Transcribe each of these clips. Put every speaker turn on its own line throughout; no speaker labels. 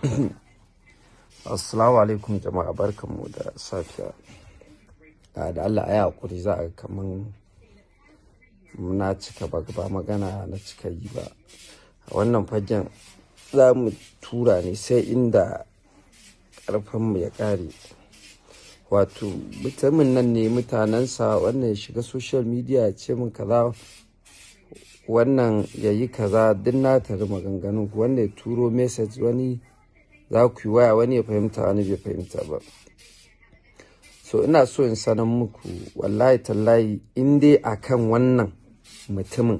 assalamu alaikum jama'a barkanmu da safiya ah, da allah a hakuri za a kaman na cika ba ba magana na cika yi ba a wannan fagen za mu tura ne sai inda ƙarfinmu ya ƙare wato mutumin nan ne mutanensa wannan ya shiga social media ya ce min kaza wannan ya yi kaza duk na tare maganganu wanda ya turo message wani za ku yi waya wani ya fahimta wani bai fahimta ba so ina so in sanar muku wallahi tallahi in dai akan wannan mutumin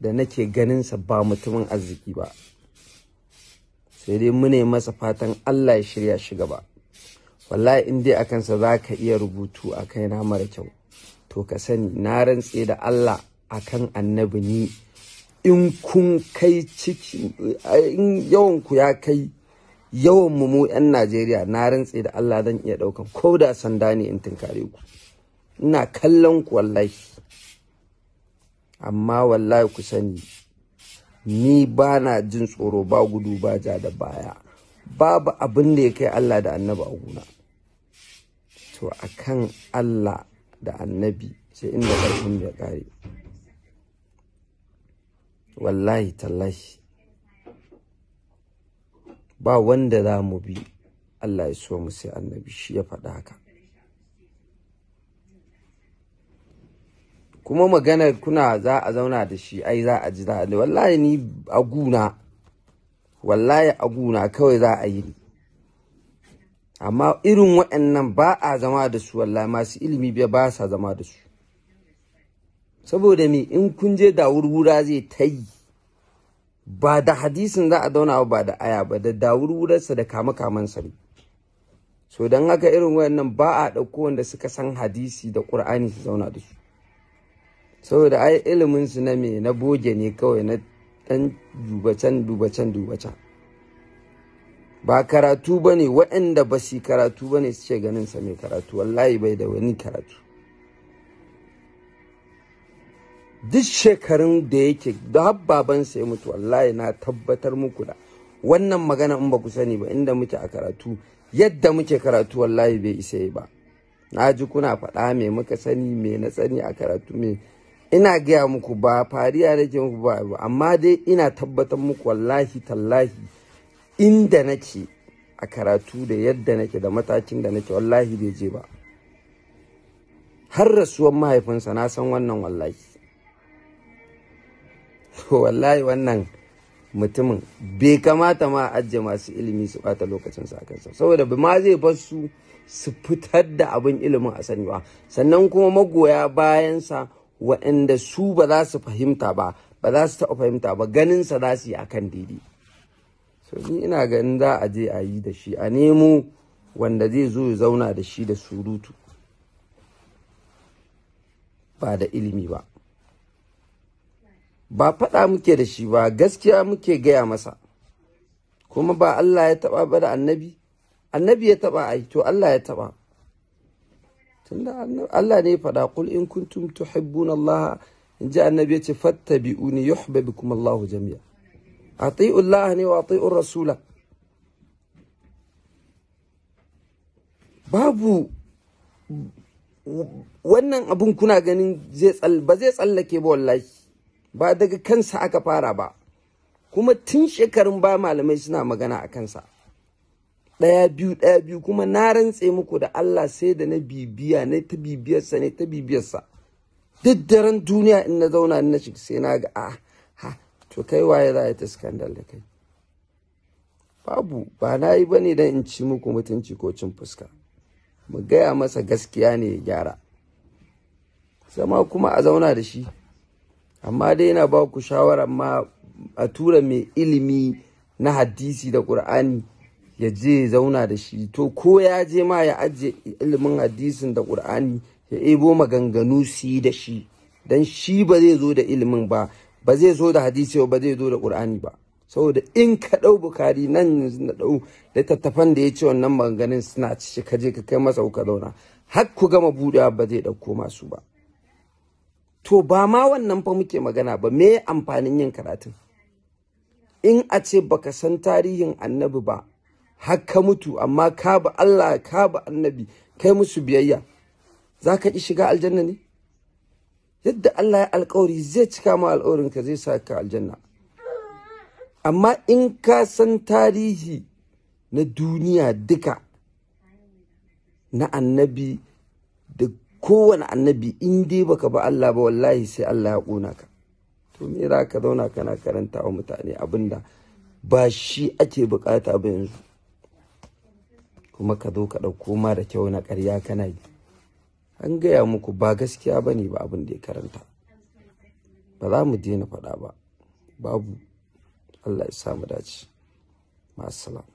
da nake ganinsa ba mutumin arziki ba sai dai mune masa fatan Allah ya shirya shi gaba wallahi in dai akansa sa za ka iya rubutu a kaina mara kyau to ka sani na rantse da Allah akan annabi ni in kun kai ciki in yawan ku ya kai yawan mu mu yan Najeriya na rantse da Allah zan iya daukan ko da sanda ne in tinkare ku ina kallon ku wallahi amma wallahi ku sani ni ba na jin tsoro ba gudu ba ja da baya babu abin da ya kai Allah da annabi a gona to akan Allah da annabi sai inda karfin ya kare. wallahi tallahi ba wanda za mu bi Allah ya so mu sai annabi shi ya faɗa haka kuma maganar kuna za a zauna da shi ai za a ji daɗi wallahi ni a guna wallahi a guna kawai za a yi amma irin waɗannan ba a zama da su wallahi masu ilimi ba sa zama da su saboda me in kun je da wurwura zai ta yi ba da hadisin za a dauna ba da aya ba da dawurwurarsa da kama kaman sa so don haka irin wayannan ba a ɗauko wanda suka san hadisi da ƙur'ani su zauna da su saboda ai ilimin su na me na boge ne kawai na ɗan dubacen dubacen dubacen ba karatu ba ne waɗanda ba su karatu ba ne ce ganin sa mai karatu wallahi bai da wani karatu duk shekarun da yake da babansa ya mutu wallahi na tabbatar muku da wannan magana in ba ku sani ba inda muke a karatu yadda muke karatu wallahi bai isa ba na ji kuna faɗa me muka sani me na sani a karatu me ina gaya muku ba fariya nake muku ba amma dai ina tabbatar muku wallahi tallahi inda nake a karatu da yadda nake da matakin da nake wallahi bai je ba har rasuwar mahaifinsa na san wannan wallahi wallahi wannan mutumin bai kamata ma ajiye masu ilimi su bata lokacin sa kansa saboda ma zai bar su su fitar da abin ilimin a sani ba sannan kuma magoya bayansa waɗanda su ba za su fahimta ba ba za su taɓa fahimta ba ganin sa za su yi akan daidai so ni ina ganin za a je a yi da shi a nemo wanda zai zo ya zauna da shi da surutu ba da ilimi ba ba faɗa muke da shi ba gaskiya muke gaya masa kuma ba Allah ya taɓa ba da annabi annabi ya taɓa ai to Allah ya taɓa tunda Allah ne ya faɗa kul in kuntum tuhibbun Allah in ji annabi ya ce fattabi'uni yuhibbukum Allah jami'a ati'u Allah ne wa ati'u rasula babu wannan abun kuna ganin ba zai tsallake ba wallahi ba daga kansa aka fara ba kuma tun shekarun ba malamai suna magana a kansa ɗaya biyu ɗaya biyu kuma na rantse muku da Allah sai da na bibiya na ta bibiyarsa ne ta bibiyarsa duk daren duniya in na zauna na shiga sai na ga a ah, ha to kai waye za ya ta skandal da kai babu ba na yi ba ne don in ci muku mutunci ko cin fuska mu gaya masa gaskiya ne ya gyara zama kuma a zauna da shi amma dai yana ba ku shawarar ma a tura mai ilimi na hadisi da ƙur'ani ya je zauna da shi to ko ya je ma ya ajiye ilimin hadisin da ƙur'ani ya ebo maganganu su yi da shi don shi ba zai zo da ilimin ba ba zai zo da hadisi ba zai zo da ƙur'ani ba saboda in ka ɗau bukari nan yanzu na ɗau littattafan da ya ce wannan maganganun suna shi ka je ka kai masa ka zauna har ku gama buɗewa ba zai ɗauko masu ba to ba ma wannan fa muke magana ba me amfanin yin karatun in a ce baka san tarihin annabi ba har ka mutu amma ka ba Allah ka ba annabi kai musu biyayya za ka ƙi shiga aljanna ne yadda Allah ya alƙawari zai cika ma ka zai sa ka aljanna amma in ka san tarihi na duniya duka na annabi kowane annabi in dai baka ba Allah ba wallahi sai Allah ya ƙuna ka to me za ka zauna kana karanta wa mutane abinda ba shi ake bukata ba yanzu kuma ka zo ka ɗauko ma da kyau na ƙarya kana yi an gaya muku ba gaskiya ba ne ba abin da ya karanta ba za mu daina faɗa ba babu Allah ya mu dace masu